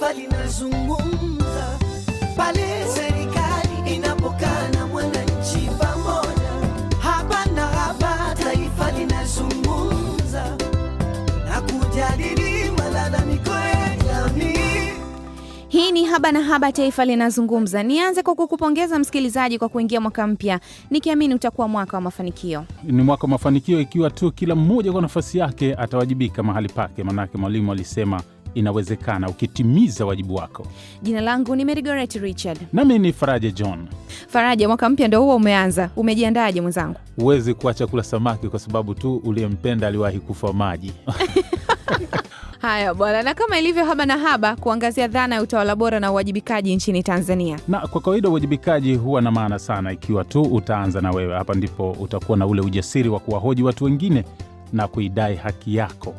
taifa linazungumza pale serikali inapokaa na mwananchi pamoja. Hapa na hapa taifa linazungumza na kujadili malalamiko ya jamii. Hii ni Haba na Haba, taifa linazungumza. Nianze kwa kukupongeza msikilizaji kwa kuingia mwaka mpya, nikiamini utakuwa mwaka wa mafanikio. Ni mwaka wa mafanikio ikiwa tu kila mmoja kwa nafasi yake atawajibika mahali pake, manake mwalimu alisema inawezekana ukitimiza wajibu wako. Jina langu ni Merigoret Richard nami ni Faraja John. Faraja, mwaka mpya ndo huo umeanza, umejiandaje mwenzangu? Huwezi kuacha kula samaki kwa sababu tu uliyempenda aliwahi kufa maji. Haya bwana, na kama ilivyo haba na haba, kuangazia dhana ya utawala bora na uwajibikaji nchini Tanzania. Na kwa kawaida uwajibikaji huwa na maana sana ikiwa tu utaanza na wewe. Hapa ndipo utakuwa na ule ujasiri wa kuwahoji watu wengine na kuidai haki yako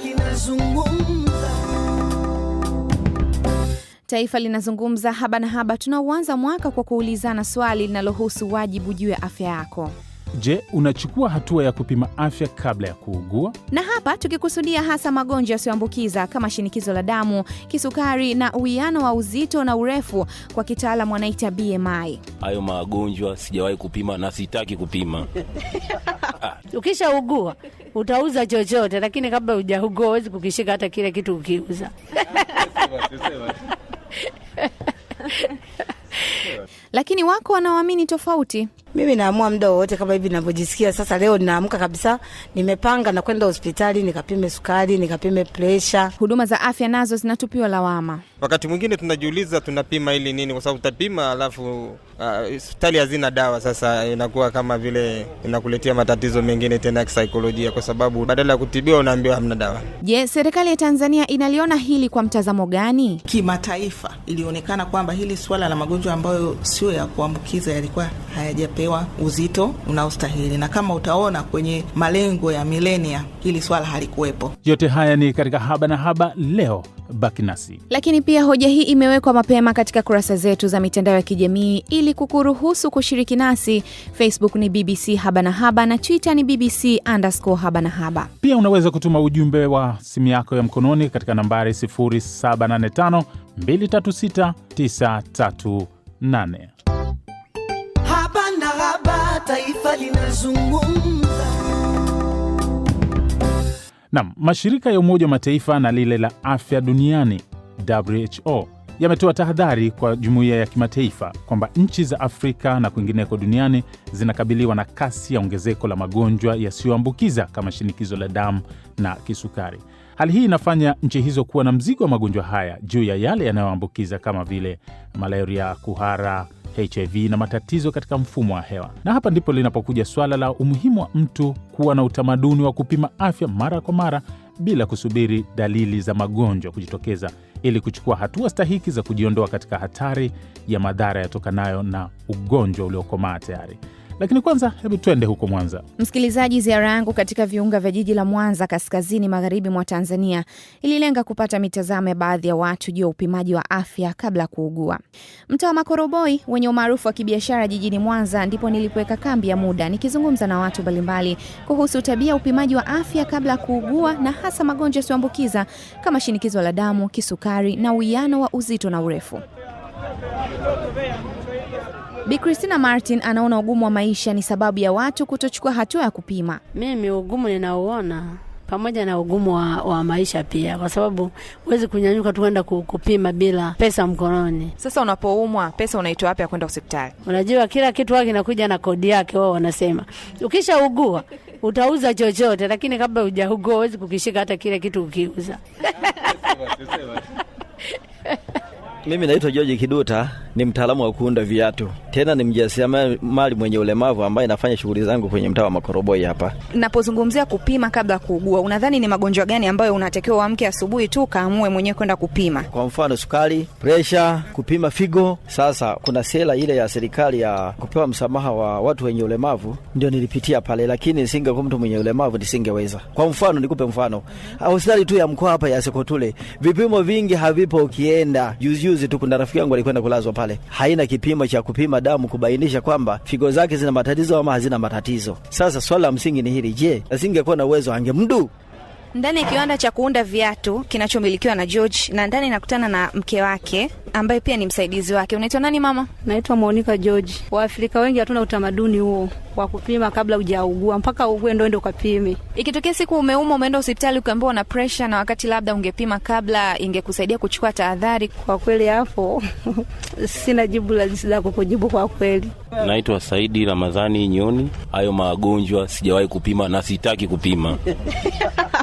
linazungumza. Taifa linazungumza. Haba na Haba tunauanza mwaka kwa kuulizana swali linalohusu wajibu juu ya afya yako. Je, unachukua hatua ya kupima afya kabla ya kuugua? Na hapa tukikusudia hasa magonjwa yasiyoambukiza kama shinikizo la damu, kisukari na uwiano wa uzito na urefu, kwa kitaalamu wanaita BMI. Hayo magonjwa sijawahi kupima na sitaki kupima. Ukishaugua utauza chochote, lakini kabla ujahugo huwezi kukishika hata kile kitu ukiuza. Lakini wako wanaoamini tofauti. Mimi naamua muda wowote kama hivi ninavyojisikia sasa. Leo ninaamka kabisa, nimepanga na kwenda hospitali nikapime sukari, nikapime presha. Huduma za afya nazo zinatupiwa lawama. Wakati mwingine tunajiuliza, tunapima ili nini? Kwa sababu utapima alafu Uh, hospitali uh, hazina dawa. Sasa inakuwa kama vile inakuletea matatizo mengine tena ya kisaikolojia, kwa sababu badala ya kutibiwa unaambiwa hamna dawa. Je, yes, serikali ya Tanzania inaliona hili kwa mtazamo gani? Kimataifa ilionekana kwamba hili suala la magonjwa ambayo sio ya kuambukiza yalikuwa hayajapewa uzito unaostahili, na kama utaona kwenye malengo ya milenia hili swala halikuwepo. Yote haya ni katika Haba na Haba leo baki nasi. Lakini pia hoja hii imewekwa mapema katika kurasa zetu za mitandao ya kijamii ili kukuruhusu kushiriki nasi. Facebook ni BBC haba na haba na Twitter ni BBC underscore haba na haba. Pia unaweza kutuma ujumbe wa simu yako ya mkononi katika nambari 785 taifa linazungumza. Nam, mashirika ya Umoja wa Mataifa na lile la afya duniani WHO yametoa tahadhari kwa jumuiya ya kimataifa kwamba nchi za Afrika na kwingineko duniani zinakabiliwa na kasi ya ongezeko la magonjwa yasiyoambukiza kama shinikizo la damu na kisukari. Hali hii inafanya nchi hizo kuwa na mzigo wa magonjwa haya juu ya yale yanayoambukiza kama vile malaria, kuhara, HIV na matatizo katika mfumo wa hewa. Na hapa ndipo linapokuja suala la umuhimu wa mtu kuwa na utamaduni wa kupima afya mara kwa mara bila kusubiri dalili za magonjwa kujitokeza ili kuchukua hatua stahiki za kujiondoa katika hatari ya madhara yatokanayo na ugonjwa uliokomaa tayari lakini kwanza, hebu twende huko Mwanza. Msikilizaji, ziara yangu katika viunga vya jiji la Mwanza, kaskazini magharibi mwa Tanzania, ililenga kupata mitazamo ya baadhi ya watu juu ya upimaji wa afya kabla ya kuugua. Mtaa wa Makoroboi wenye umaarufu wa kibiashara jijini Mwanza ndipo nilipoweka kambi ya muda, nikizungumza na watu mbalimbali kuhusu tabia ya upimaji wa afya kabla ya kuugua, na hasa magonjwa yasiyoambukiza kama shinikizo la damu, kisukari na uwiano wa uzito na urefu. Bi Christina Martin anaona ugumu wa maisha ni sababu ya watu kutochukua hatua ya kupima. Mimi ugumu ninaouona pamoja na ugumu wa, wa maisha pia, kwa sababu huwezi kunyanyuka tu kwenda kupima bila pesa mkononi. Sasa unapoumwa, pesa unaitoa wapi ya kwenda hospitali? Unajua kila kitu wao kinakuja na kodi yake, wao wanasema ukishaugua utauza chochote, lakini kabla hujaugua huwezi kukishika hata kile kitu ukiuza mimi naitwa George Kiduta, ni mtaalamu wa kuunda viatu, tena ni mjasiriamali mwenye ulemavu ambaye nafanya shughuli zangu kwenye mtaa wa Makoroboi hapa. Napozungumzia kupima kabla ya kuugua, unadhani ni magonjwa gani ambayo unatakiwa uamke asubuhi tu kaamue mwenyewe kwenda kupima? Kwa mfano sukari, presha, kupima figo. Sasa kuna sera ile ya serikali ya kupewa msamaha wa watu wenye ulemavu, ndio nilipitia pale, lakini nisingekuwa mtu mwenye ulemavu nisingeweza. Kwa mfano nikupe mfano, hospitali tu ya mkoa hapa ya Sekotule vipimo vingi havipo, ukienda juzi juzi tu kuna rafiki yangu alikwenda kulazwa pale, haina kipimo cha kupima damu kubainisha kwamba figo zake zina matatizo ama hazina matatizo. Sasa swala la msingi ni hili, je, asingekuwa na uwezo angemdu ndani ya kiwanda cha kuunda viatu kinachomilikiwa na George na ndani nakutana na mke wake ambaye pia ni msaidizi wake. Unaitwa nani mama? Naitwa Monica George. Waafrika wengi hatuna utamaduni huo wa kupima kabla hujaugua, mpaka ugue ndo ndo ukapime. Ikitokea siku umeumwa, umeenda hospitali ukaambiwa una presha, na wakati labda ungepima kabla, ingekusaidia kuchukua tahadhari. Kwa kweli hapo sina jibu la la kukujibu kwa kweli. Naitwa Saidi Ramadhani Nyoni. Hayo magonjwa sijawahi kupima na sitaki kupima.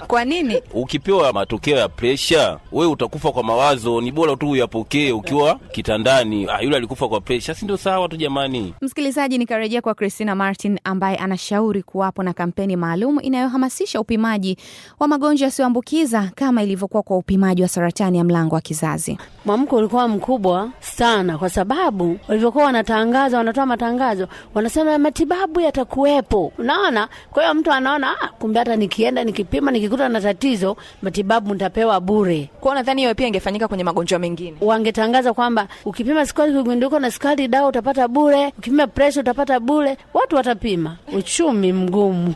Kwa nini? Ukipewa matokeo ya presha, wewe utakufa kwa mawazo, ni bora tu uyapokee ukiwa kitandani, ah, yule alikufa kwa presha, si ndio? Sawa tu jamani. Msikilizaji, nikarejea kwa Christina Martin ambaye anashauri kuwapo na kampeni maalum inayohamasisha upimaji wa magonjwa yasiyoambukiza kama ilivyokuwa kwa upimaji wa saratani ya mlango wa kizazi. Mwamko ulikuwa mkubwa sana, kwa sababu walivyokuwa wanatangaza, wanatoa matangazo, wanasema matibabu yatakuwepo, unaona. Kwa hiyo mtu anaona ah, kumbe hata nikienda nikipima nikikuta na tatizo, matibabu ntapewa bure. kwao nadhani hiyo pia ingefanyika kwenye magonjwa mengine wangeta wanatangaza kwamba ukipima sukari kugundulika na sukari, dawa utapata bure, ukipima presha utapata bure. Watu watapima. Uchumi mgumu.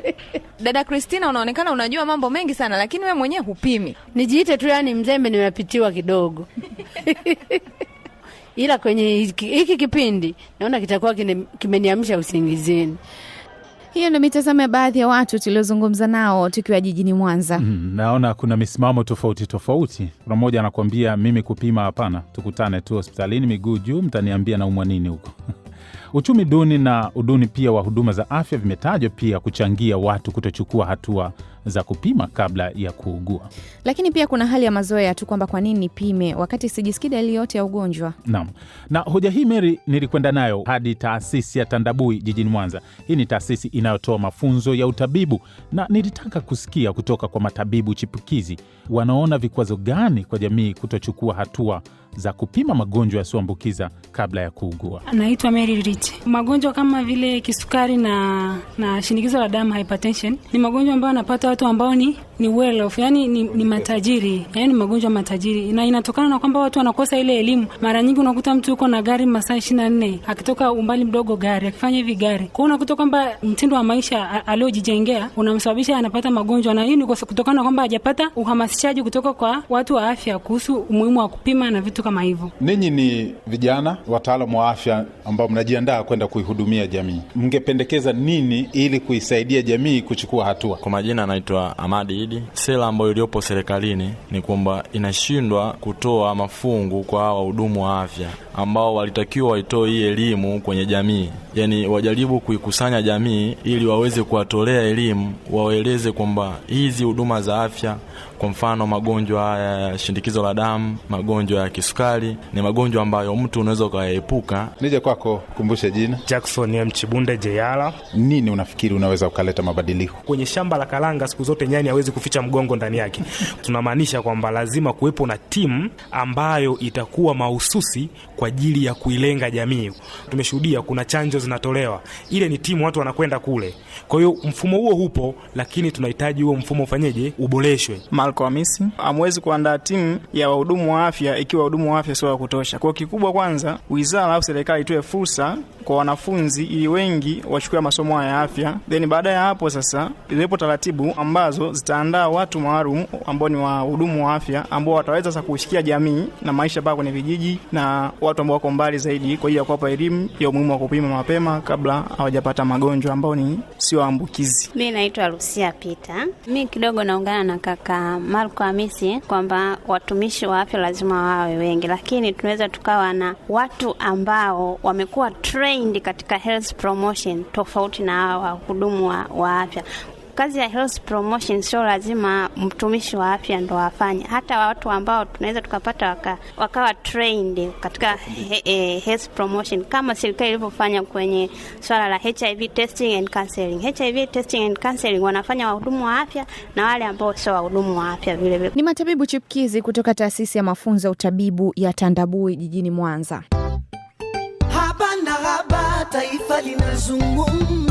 Dada Kristina, unaonekana unajua mambo mengi sana, lakini we mwenyewe hupimi. Nijiite tu yani mzembe, nimepitiwa kidogo ila kwenye hiki kipindi naona kitakuwa kimeniamsha usingizini. Hiyo ndio mitazamo ya baadhi ya watu tuliozungumza nao tukiwa jijini Mwanza. Mm, naona kuna misimamo tofauti tofauti. Kuna mmoja anakuambia mimi kupima hapana, tukutane tu hospitalini, miguu juu, mtaniambia naumwa nini huko. Uchumi duni na uduni pia wa huduma za afya vimetajwa pia kuchangia watu kutochukua hatua za kupima kabla ya kuugua. Lakini pia kuna hali ya mazoea tu kwamba kwa nini nipime wakati sijisikii dalili yote ya ugonjwa. Naam, na hoja hii Meri, nilikwenda nayo hadi taasisi ya Tandabui jijini Mwanza. Hii ni taasisi inayotoa mafunzo ya utabibu, na nilitaka kusikia kutoka kwa matabibu chipukizi wanaona vikwazo gani kwa jamii kutochukua hatua za kupima magonjwa yasiyoambukiza kabla ya kuugua. Anaitwa Mary Rich. Magonjwa kama vile kisukari na, na shinikizo la damu hypertension ni magonjwa ambayo anapata watu ambao ni, ni well off, yani ni, ni matajiri, yani magonjwa matajiri, na inatokana na kwamba watu wanakosa ile elimu. Mara nyingi unakuta mtu yuko na gari masaa 24 akitoka umbali mdogo gari akifanya hivi gari kwao, unakuta kwamba mtindo wa maisha aliojijengea unamsababisha anapata magonjwa, na hii ni kutokana na kwamba hajapata uhamasishaji kutoka kwa watu wa afya kuhusu umuhimu wa kupima na vitu kama hivyo. Ninyi ni vijana wataalamu wa afya ambao mnajiandaa kwenda kuihudumia jamii, mngependekeza nini ili kuisaidia jamii kuchukua hatua? Kwa majina anaitwa anaitwa Amadi Idi. Sera ambayo iliyopo serikalini ni kwamba inashindwa kutoa mafungu kwa hawa wahudumu wa afya ambao walitakiwa waitoe hii elimu kwenye jamii, yaani wajaribu kuikusanya jamii ili waweze kuwatolea elimu, waeleze kwamba hizi huduma za afya kwa mfano magonjwa ya shindikizo la damu, magonjwa ya kisukari ni magonjwa ambayo mtu unaweza ukayaepuka. Nije kwako, kumbushe jina. Jackson ya Mchibunde Jeyala. Nini unafikiri unaweza ukaleta mabadiliko kwenye shamba la karanga? Siku zote nyani hawezi kuficha mgongo ndani yake. Tunamaanisha kwamba lazima kuwepo na timu ambayo itakuwa mahususi kwa ajili ya kuilenga jamii. Tumeshuhudia kuna chanjo zinatolewa, ile ni timu, watu wanakwenda kule. Kwa hiyo mfumo huo upo, lakini tunahitaji huo mfumo ufanyeje, uboreshwe Alhamisi. Hamwezi kuandaa timu ya wahudumu wa afya ikiwa wahudumu wa afya sio wa kutosha. Kwa kikubwa, kwanza wizara au serikali itoe fursa kwa wanafunzi ili wengi wachukue masomo ya afya, then baada ya hapo sasa ziwepo taratibu ambazo zitaandaa watu maalum ambao ni wahudumu wa afya ambao wataweza sasa kushikia jamii na maisha mpaka kwenye vijiji na watu ambao wako mbali zaidi, kwa ajili ya kuwapa elimu ya umuhimu wa kupima mapema kabla hawajapata magonjwa ambao ni sio ambukizi. Mimi naitwa Lucia Peter. Mimi kidogo naungana na kaka Marko Hamisi kwamba watumishi wa afya lazima wawe wengi, lakini tunaweza tukawa na watu ambao wamekuwa trained katika health promotion tofauti na hawa wahudumu wa, wa afya kazi ya health promotion sio lazima mtumishi wa afya ndo afanye, hata watu ambao tunaweza tukapata waka, wakawa trained katika he, he, health promotion kama serikali ilivyofanya kwenye swala la HIV testing and counseling. HIV testing and counseling wanafanya wahudumu wa afya na wale ambao sio wahudumu wa afya vile vile. Ni matabibu chipkizi kutoka taasisi ya mafunzo ya utabibu ya Tandabui jijini Mwanza. Haba na haba, taifa linazungumza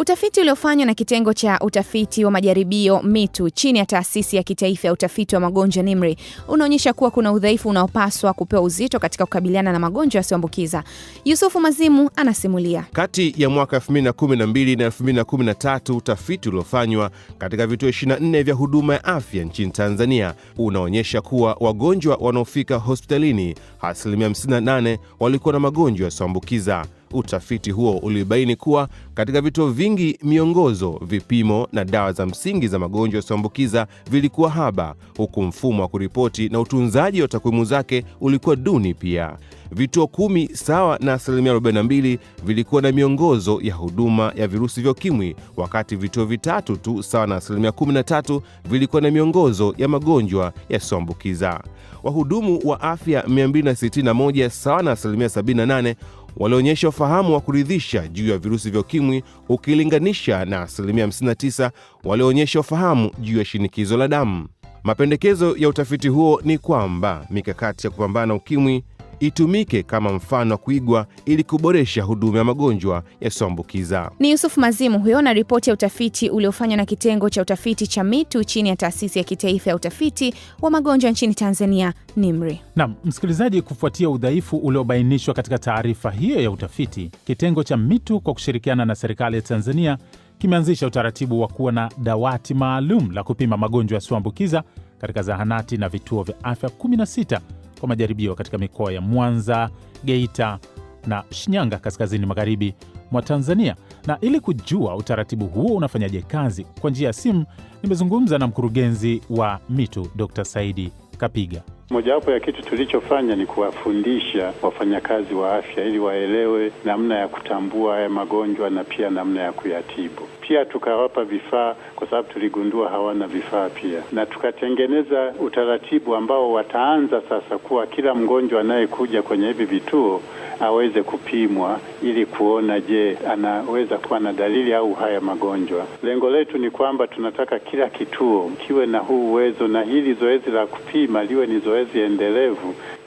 Utafiti uliofanywa na kitengo cha utafiti wa majaribio MITU chini ya taasisi ya kitaifa ya utafiti wa magonjwa NIMRI unaonyesha kuwa kuna udhaifu unaopaswa kupewa uzito katika kukabiliana na magonjwa yasiyoambukiza. Yusufu Mazimu anasimulia. Kati ya mwaka 2012 na 2013, utafiti uliofanywa katika vituo 24 vya huduma ya afya nchini Tanzania unaonyesha kuwa wagonjwa wanaofika hospitalini asilimia 58 walikuwa na magonjwa yasiyoambukiza. Utafiti huo ulibaini kuwa katika vituo vingi miongozo, vipimo na dawa za msingi za magonjwa yasiyoambukiza vilikuwa haba, huku mfumo wa kuripoti na utunzaji wa takwimu zake ulikuwa duni pia. Vituo kumi sawa na asilimia 42 vilikuwa na miongozo ya huduma ya virusi vya UKIMWI, wakati vituo vitatu tu sawa na asilimia 13 vilikuwa na miongozo ya magonjwa yasiyoambukiza. Wahudumu wa afya 261 sawa na asilimia 78 walionyesha ufahamu wa kuridhisha juu ya virusi vya ukimwi ukilinganisha na asilimia 59 walioonyesha ufahamu juu ya shinikizo la damu. Mapendekezo ya utafiti huo ni kwamba mikakati ya kupambana ukimwi itumike kama mfano wa kuigwa ili kuboresha huduma ya magonjwa yasiyoambukiza. Ni Yusuf Mazimu huyo na ripoti ya utafiti uliofanywa na kitengo cha utafiti cha MITU chini ya taasisi ya kitaifa ya utafiti wa magonjwa nchini Tanzania, NIMRI. Nam msikilizaji, kufuatia udhaifu uliobainishwa katika taarifa hiyo ya utafiti, kitengo cha MITU kwa kushirikiana na serikali ya Tanzania kimeanzisha utaratibu wa kuwa na dawati maalum la kupima magonjwa yasiyoambukiza katika zahanati na vituo vya afya 16 kwa majaribio katika mikoa ya Mwanza, Geita na Shinyanga kaskazini magharibi mwa Tanzania. Na ili kujua utaratibu huo unafanyaje kazi kwa njia ya simu, nimezungumza na mkurugenzi wa MITU Dr. Saidi Kapiga. Mojawapo ya kitu tulichofanya ni kuwafundisha wafanyakazi wa afya ili waelewe namna ya kutambua haya magonjwa na pia namna ya kuyatibu. Pia tukawapa vifaa, kwa sababu tuligundua hawana vifaa pia, na tukatengeneza utaratibu ambao wataanza sasa kuwa kila mgonjwa anayekuja kwenye hivi vituo aweze kupimwa ili kuona, je, anaweza kuwa na dalili au haya magonjwa. Lengo letu ni kwamba tunataka kila kituo kiwe na huu uwezo, na hili zoezi la kupima liwe ni zoezi y en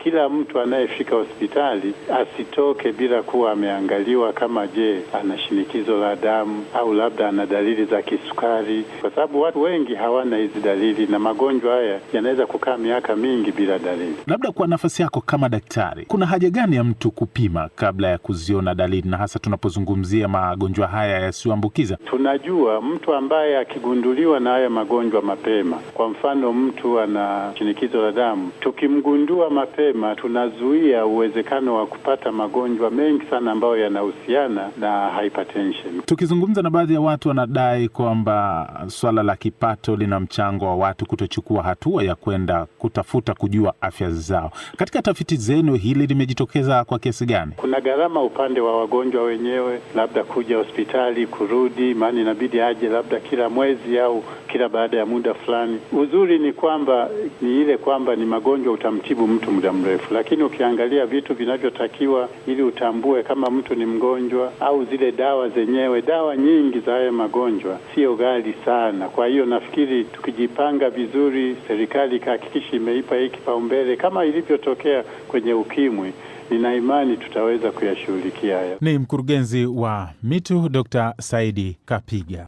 kila mtu anayefika hospitali asitoke bila kuwa ameangaliwa kama, je, ana shinikizo la damu au labda ana dalili za kisukari, kwa sababu watu wengi hawana hizi dalili na magonjwa haya yanaweza kukaa miaka mingi bila dalili. Labda kwa nafasi yako kama daktari, kuna haja gani ya mtu kupima kabla ya kuziona dalili, na hasa tunapozungumzia magonjwa haya yasiyoambukiza? Tunajua mtu ambaye akigunduliwa na haya magonjwa mapema, kwa mfano mtu ana shinikizo la damu, tukimgundua mapema vyema, tunazuia uwezekano wa kupata magonjwa mengi sana ambayo yanahusiana na hypertension. Tukizungumza na baadhi ya watu, wanadai kwamba swala la kipato lina mchango wa watu kutochukua hatua ya kwenda kutafuta kujua afya zao. Katika tafiti zenu, hili limejitokeza kwa kiasi gani? Kuna gharama upande wa wagonjwa wenyewe, labda kuja hospitali, kurudi, maana inabidi aje labda kila mwezi au kila baada ya muda fulani. Uzuri ni kwamba ni ile kwamba ni magonjwa utamtibu mtu muda mrefu, lakini ukiangalia vitu vinavyotakiwa ili utambue kama mtu ni mgonjwa au zile dawa zenyewe, dawa nyingi za haya magonjwa sio ghali sana. Kwa hiyo nafikiri tukijipanga vizuri, serikali ikahakikisha imeipa hii kipaumbele kama ilivyotokea kwenye ukimwi, nina imani tutaweza kuyashughulikia haya. Ni mkurugenzi wa Mitu Dr. Saidi Kapiga.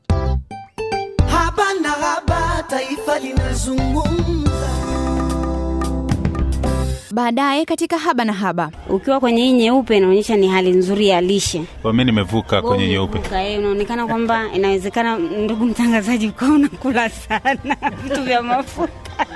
Haba na haba, taifa linazungumza Baadaye katika haba na haba, ukiwa kwenye hii nyeupe inaonyesha ni hali nzuri ya lishe. Kwa mimi nimevuka kwenye nyeupe, eh, unaonekana kwamba inawezekana. Ndugu mtangazaji, ukawa unakula sana vitu vya mafuta.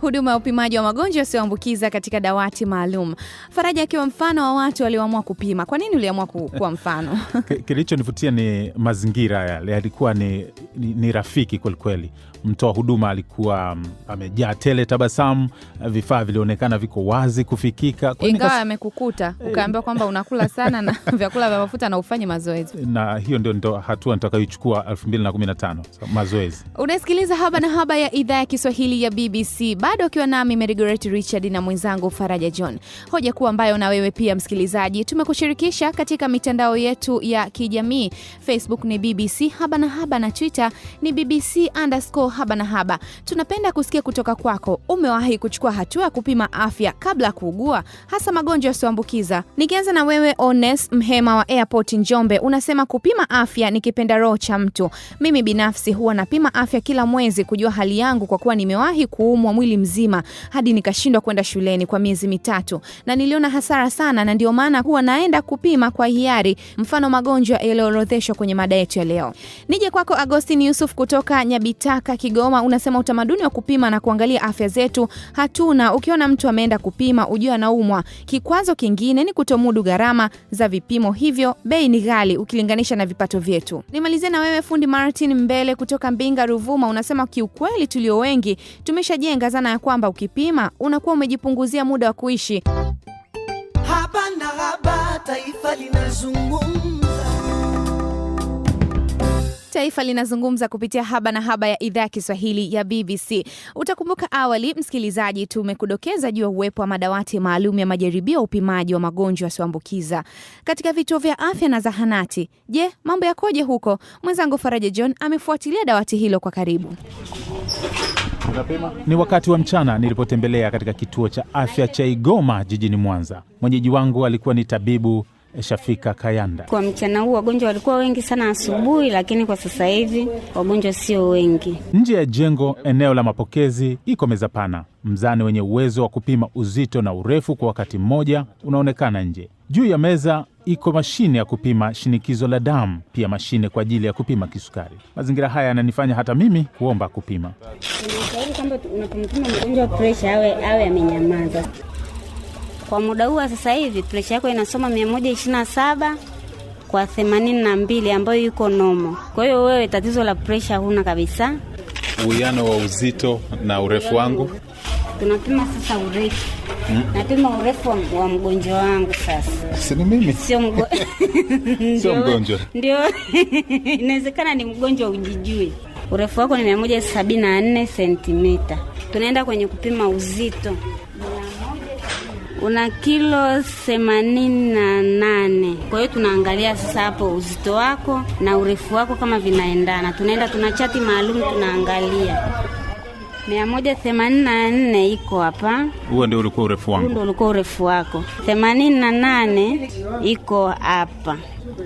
Huduma ya upimaji wa magonjwa yasiyoambukiza katika dawati maalum. Faraja akiwa mfano wa watu walioamua kupima. Kwa nini uliamua kuwa mfano? Kilichonivutia ni mazingira yale, yalikuwa ni, ni, ni rafiki kwelikweli. Mtoa huduma alikuwa mm, amejaa tele tabasamu, vifaa vilionekana viko wazi kufikika, ingawa amekukuta eh, ukaambiwa kwamba unakula sana na vyakula vya mafuta na ufanye mazoezi. Na hiyo ndio ndo hatua nitakayochukua 2015 mazoezi. Unasikiliza Haba na Haba ya idhaa ya Kiswahili ya BBC, bado akiwa nami Merigoret Richard na mwenzangu Faraja John. Hoja kuu ambayo na wewe pia msikilizaji tumekushirikisha katika mitandao yetu ya kijamii. Facebook ni BBC Haba na Haba na Twitter ni BBC underscore Haba na Haba, tunapenda kusikia kutoka kwako. Umewahi kuchukua hatua ya kupima afya kabla ya kuugua, hasa magonjwa yasiyoambukiza? Nikianza na wewe Ones Mhema wa Airport Njombe, unasema kupima afya ni kipenda roho cha mtu. Mimi binafsi huwa napima afya kila mwezi kujua hali yangu, kwa kuwa nimewahi kuumwa mwili mzima hadi nikashindwa kwenda shuleni kwa miezi mitatu, na niliona hasara sana, na ndio maana huwa naenda kupima kwa hiari, mfano magonjwa yaliyoorodheshwa kwenye mada yetu ya leo. Nije kwako Agostin Yusuf kutoka Nyabitaka Kigoma unasema utamaduni wa kupima na kuangalia afya zetu hatuna. Ukiona mtu ameenda kupima ujue anaumwa. Kikwazo kingine ni kutomudu gharama za vipimo hivyo, bei ni ghali ukilinganisha na vipato vyetu. Nimalizie na wewe fundi Martin Mbele kutoka Mbinga Ruvuma, unasema kiukweli, tulio wengi tumeshajenga zana ya kwamba ukipima unakuwa umejipunguzia muda wa kuishi. Haba na haba, taifa linazungumza Taifa linazungumza kupitia Haba na Haba ya idhaa ya Kiswahili ya BBC. Utakumbuka awali, msikilizaji, tumekudokeza juu ya uwepo wa madawati maalum ya majaribio ya upimaji wa magonjwa yasioambukiza katika vituo vya afya na zahanati. Je, mambo yakoje huko? Mwenzangu Faraja John amefuatilia dawati hilo kwa karibu. Ni wakati wa mchana nilipotembelea katika kituo cha afya cha Igoma jijini Mwanza. Mwenyeji wangu alikuwa ni tabibu Shafika Kayanda. Kwa mchana huu wagonjwa walikuwa wengi sana asubuhi, lakini kwa sasa hivi wagonjwa sio wengi. Nje ya jengo, eneo la mapokezi, iko meza pana. Mzani wenye uwezo wa kupima uzito na urefu kwa wakati mmoja unaonekana nje. Juu ya meza iko mashine ya kupima shinikizo la damu, pia mashine kwa ajili ya kupima kisukari. Mazingira haya yananifanya hata mimi kuomba kupima. unapompima mgonjwa presha awe amenyamaza. Kwa muda huu sasa hivi presha yako inasoma 127 kwa 82 ambayo iko nomo. Kwa hiyo wewe tatizo la presha huna kabisa. Uwiano wa uzito na urefu wangu tunapima sasa urefu Hmm. Napima urefu wa, wa mgonjwa wangu sasa. Si ni mimi? Sio Sio mgonjwa. Ndio. Inawezekana ni mgonjwa ujijui. Urefu wako ni 174 cm. Tunaenda kwenye kupima uzito una kilo themanini na nane. Kwa hiyo tunaangalia sasa hapo uzito wako na urefu wako kama vinaendana, tunaenda tuna chati maalum tunaangalia mia moja themanini na nne iko hapa. Huo ndio ulikuwa urefu wangu, ndio ulikuwa urefu wako. themanini na nane iko hapa,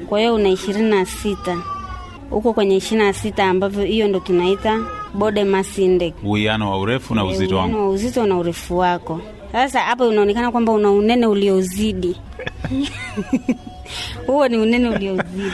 kwa hiyo una ishirini na sita huko kwenye ishirini na sita ambavyo hiyo ndo tunaita body mass index, uwiano wa urefu na uzito wangu, uwiano wa uzito na urefu wako sasa hapo unaonekana kwamba una unene uliozidi huo ni unene uliozidi.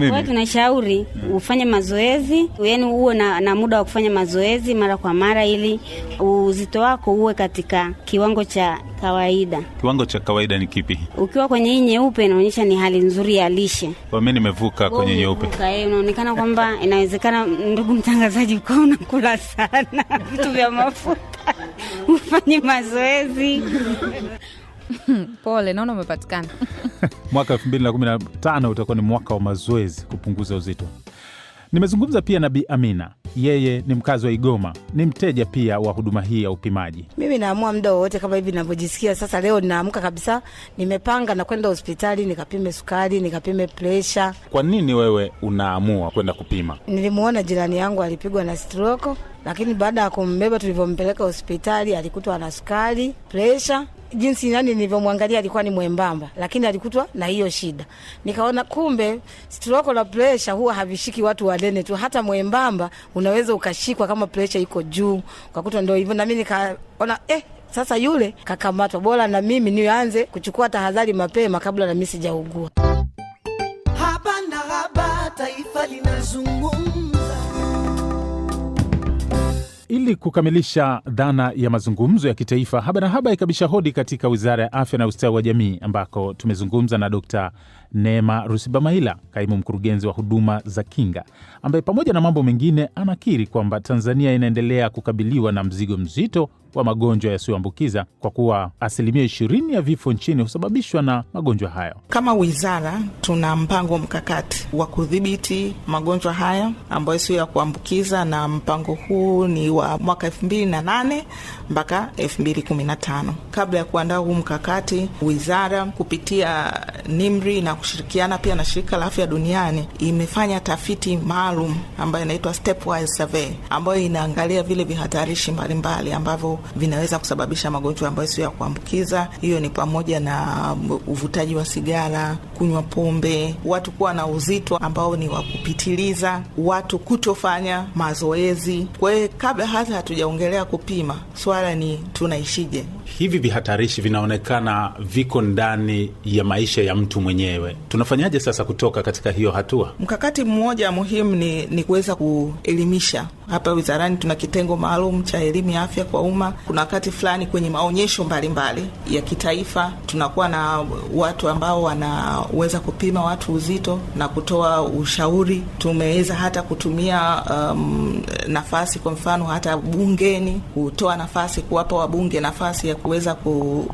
Wewe tunashauri ufanye mazoezi, yaani uwe na, na muda wa kufanya mazoezi mara kwa mara, ili uzito wako uwe katika kiwango cha kawaida. Kiwango cha kawaida ni kipi? Ukiwa kwenye hii nyeupe, inaonyesha ni hali nzuri ya lishe. Kwa mimi nimevuka kwenye nyeupe, eh, unaonekana kwamba inawezekana, ndugu mtangazaji, ukawa unakula sana vitu vya mafuta ufanye mazoezi Pole, naona umepatikana. Mwaka 2015 utakuwa ni mwaka wa mazoezi kupunguza uzito. Nimezungumza pia na Bi Amina yeye ni mkazi wa Igoma, ni mteja pia wa huduma hii ya upimaji. Mimi naamua muda wowote kama hivi navyojisikia sasa. Leo ninaamka kabisa, nimepanga na kwenda hospitali nikapime sukari, nikapime presha. Kwa nini wewe unaamua kwenda kupima? nilimwona jirani yangu alipigwa na stroko, lakini baada ya kumbeba, tulivyompeleka hospitali alikutwa na sukari, presha jinsi nani nilivyomwangalia alikuwa ni mwembamba, lakini alikutwa na hiyo shida. Nikaona kumbe stroke la pressure huwa havishiki watu wanene tu, hata mwembamba unaweza ukashikwa kama pressure iko juu, ukakuta ndio hivyo. Na mimi nikaona eh, sasa yule kakamatwa, bora na mimi nianze kuchukua tahadhari mapema kabla na mimi sijaugua. Haba na haba, taifa linazungumza ili kukamilisha dhana ya mazungumzo ya kitaifa, Haba na Haba ikabisha hodi katika Wizara ya Afya na Ustawi wa Jamii, ambako tumezungumza na Dkt. Neema rusibamaila kaimu mkurugenzi wa huduma za kinga, ambaye pamoja na mambo mengine anakiri kwamba Tanzania inaendelea kukabiliwa na mzigo mzito wa magonjwa yasiyoambukiza kwa kuwa asilimia ishirini ya vifo nchini husababishwa na magonjwa hayo. Kama wizara, tuna mpango mkakati wa kudhibiti magonjwa haya ambayo sio ya kuambukiza, na mpango huu ni wa mwaka elfu mbili na nane mpaka elfu mbili kumi na tano. Kabla ya kuandaa huu mkakati, wizara kupitia NIMRI na kushirikiana pia na shirika la afya duniani imefanya tafiti maalum ambayo inaitwa Stepwise Survey ambayo inaangalia vile vihatarishi mbalimbali ambavyo vinaweza kusababisha magonjwa ambayo sio ya kuambukiza. Hiyo ni pamoja na uvutaji wa sigara, kunywa pombe, watu kuwa na uzito ambao ni wa kupitiliza, watu kutofanya mazoezi. Kwa hiyo kabla hata hatujaongelea kupima, swala ni tunaishije hivi vihatarishi vinaonekana viko ndani ya maisha ya mtu mwenyewe. Tunafanyaje sasa kutoka katika hiyo hatua? Mkakati mmoja muhimu ni, ni kuweza kuelimisha hapa wizarani tuna kitengo maalum cha elimu ya afya kwa umma. Kuna wakati fulani kwenye maonyesho mbalimbali mbali ya kitaifa tunakuwa na watu ambao wanaweza kupima watu uzito na kutoa ushauri. Tumeweza hata kutumia um, nafasi kwa mfano hata bungeni kutoa nafasi, kuwapa wabunge nafasi ya kuweza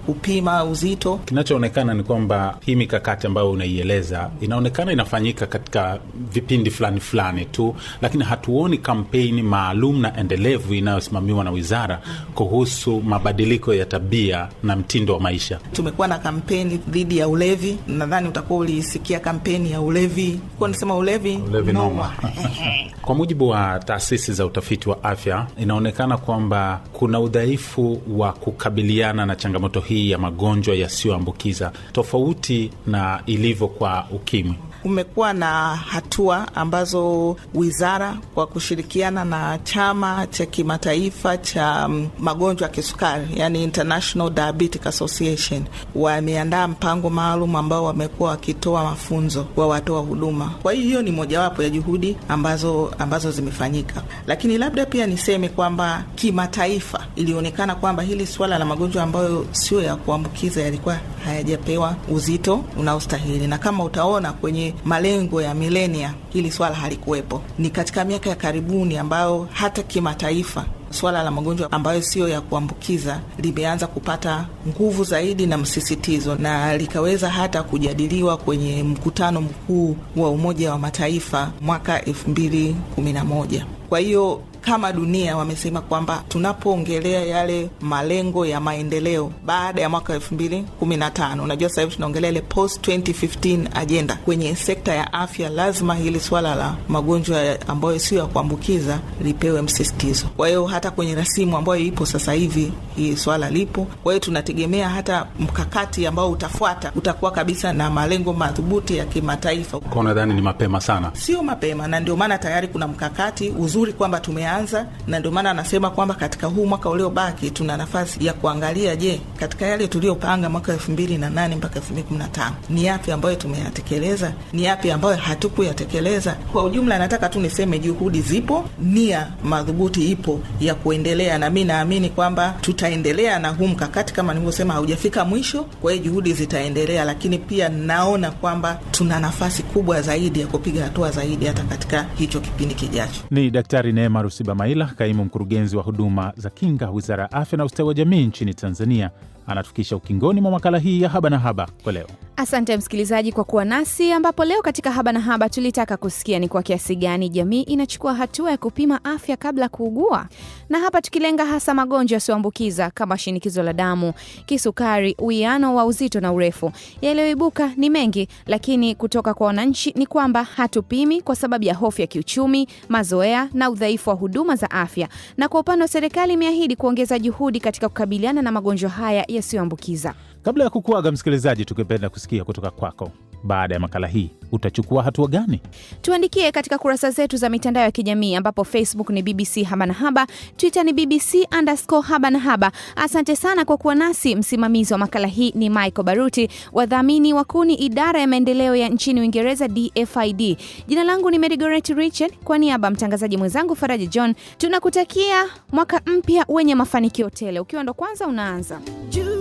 kupima uzito. Kinachoonekana ni kwamba hii mikakati ambayo unaieleza inaonekana inafanyika katika vipindi fulani fulani tu, lakini hatuoni kampeni maalum na endelevu inayosimamiwa na wizara kuhusu mabadiliko ya tabia na mtindo wa maisha. Tumekuwa na kampeni dhidi ya ulevi, nadhani utakuwa uliisikia kampeni ya ulevi kuwa nisema ulevi, ulevi noma. Kwa mujibu wa taasisi za utafiti wa afya, inaonekana kwamba kuna udhaifu wa kukabiliana na changamoto hii ya magonjwa yasiyoambukiza tofauti na ilivyo kwa ukimwi kumekuwa na hatua ambazo wizara kwa kushirikiana na chama cha kimataifa cha mm, magonjwa ya kisukari, yani International Diabetic Association, wameandaa mpango maalum ambao wamekuwa wakitoa mafunzo wa watoa huduma. Kwa hiyo hiyo ni mojawapo ya juhudi ambazo, ambazo zimefanyika, lakini labda pia niseme kwamba kimataifa ilionekana kwamba hili suala la magonjwa ambayo sio ya kuambukiza yalikuwa hayajapewa uzito unaostahili, na kama utaona kwenye malengo ya milenia hili swala halikuwepo. Ni katika miaka ya karibuni ambayo hata kimataifa swala la magonjwa ambayo siyo ya kuambukiza limeanza kupata nguvu zaidi na msisitizo, na likaweza hata kujadiliwa kwenye mkutano mkuu wa Umoja wa Mataifa mwaka elfu mbili kumi na moja. Kwa hiyo kama dunia wamesema kwamba tunapoongelea yale malengo ya maendeleo baada ya mwaka elfu mbili kumi na tano unajua sasa hivi tunaongelea ile post 2015 ajenda kwenye sekta ya afya, lazima hili swala la magonjwa ambayo sio ya kuambukiza lipewe msisitizo. Kwa hiyo hata kwenye rasimu ambayo ipo sasa hivi hii swala lipo. Kwa hiyo tunategemea hata mkakati ambao utafuata utakuwa kabisa na malengo madhubuti ya kimataifa. Kwa nadhani ni mapema sana, sio mapema, na ndio maana tayari kuna mkakati uzuri kwamba tumea tumeanza, na ndio maana anasema kwamba katika huu mwaka uliobaki tuna nafasi ya kuangalia, je, katika yale tuliyopanga mwaka elfu mbili na nane mpaka elfu mbili kumi na tano ni yapi ambayo tumeyatekeleza, ni yapi ambayo hatukuyatekeleza. Kwa ujumla, nataka tu niseme juhudi zipo, nia madhubuti ipo ya kuendelea, na mi naamini kwamba tutaendelea na huu mkakati, kama nilivyosema, haujafika mwisho. Kwa hiyo juhudi zitaendelea, lakini pia naona kwamba tuna nafasi kubwa zaidi ya kupiga hatua zaidi hata katika hicho kipindi kijacho. Ni Daktari Neema Rusi bamaila Maila, kaimu mkurugenzi wa huduma za kinga, Wizara ya Afya na Ustawi wa Jamii nchini Tanzania, anatufikisha ukingoni mwa makala hii ya Haba na Haba kwa leo. Asante msikilizaji kwa kuwa nasi, ambapo leo katika Haba na Haba tulitaka kusikia ni kwa kiasi gani jamii inachukua hatua ya kupima afya kabla ya kuugua, na hapa tukilenga hasa magonjwa yasiyoambukiza kama shinikizo la damu, kisukari, uwiano wa uzito na urefu. Yaliyoibuka ni mengi, lakini kutoka kwa wananchi ni kwamba hatupimi kwa sababu ya hofu ya kiuchumi, mazoea na udhaifu wa huduma za afya. Na kwa upande wa serikali imeahidi kuongeza juhudi katika kukabiliana na magonjwa haya yasiyoambukiza. Kabla ya kukuaga, msikilizaji, tukipenda kusikia kutoka kwako baada ya makala hii utachukua hatua gani? Tuandikie katika kurasa zetu za mitandao ya kijamii ambapo Facebook ni BBC Habanahaba, Twitter ni BBC underscore Habanahaba. Asante sana kwa kuwa nasi. Msimamizi wa makala hii ni Michael Baruti, wadhamini wakuni idara ya maendeleo ya nchini Uingereza DFID. Jina langu ni Merigoret Richard, kwa niaba mtangazaji mwenzangu faraji John, tunakutakia mwaka mpya wenye mafanikio tele, ukiwa ndo kwanza unaanza Juhu.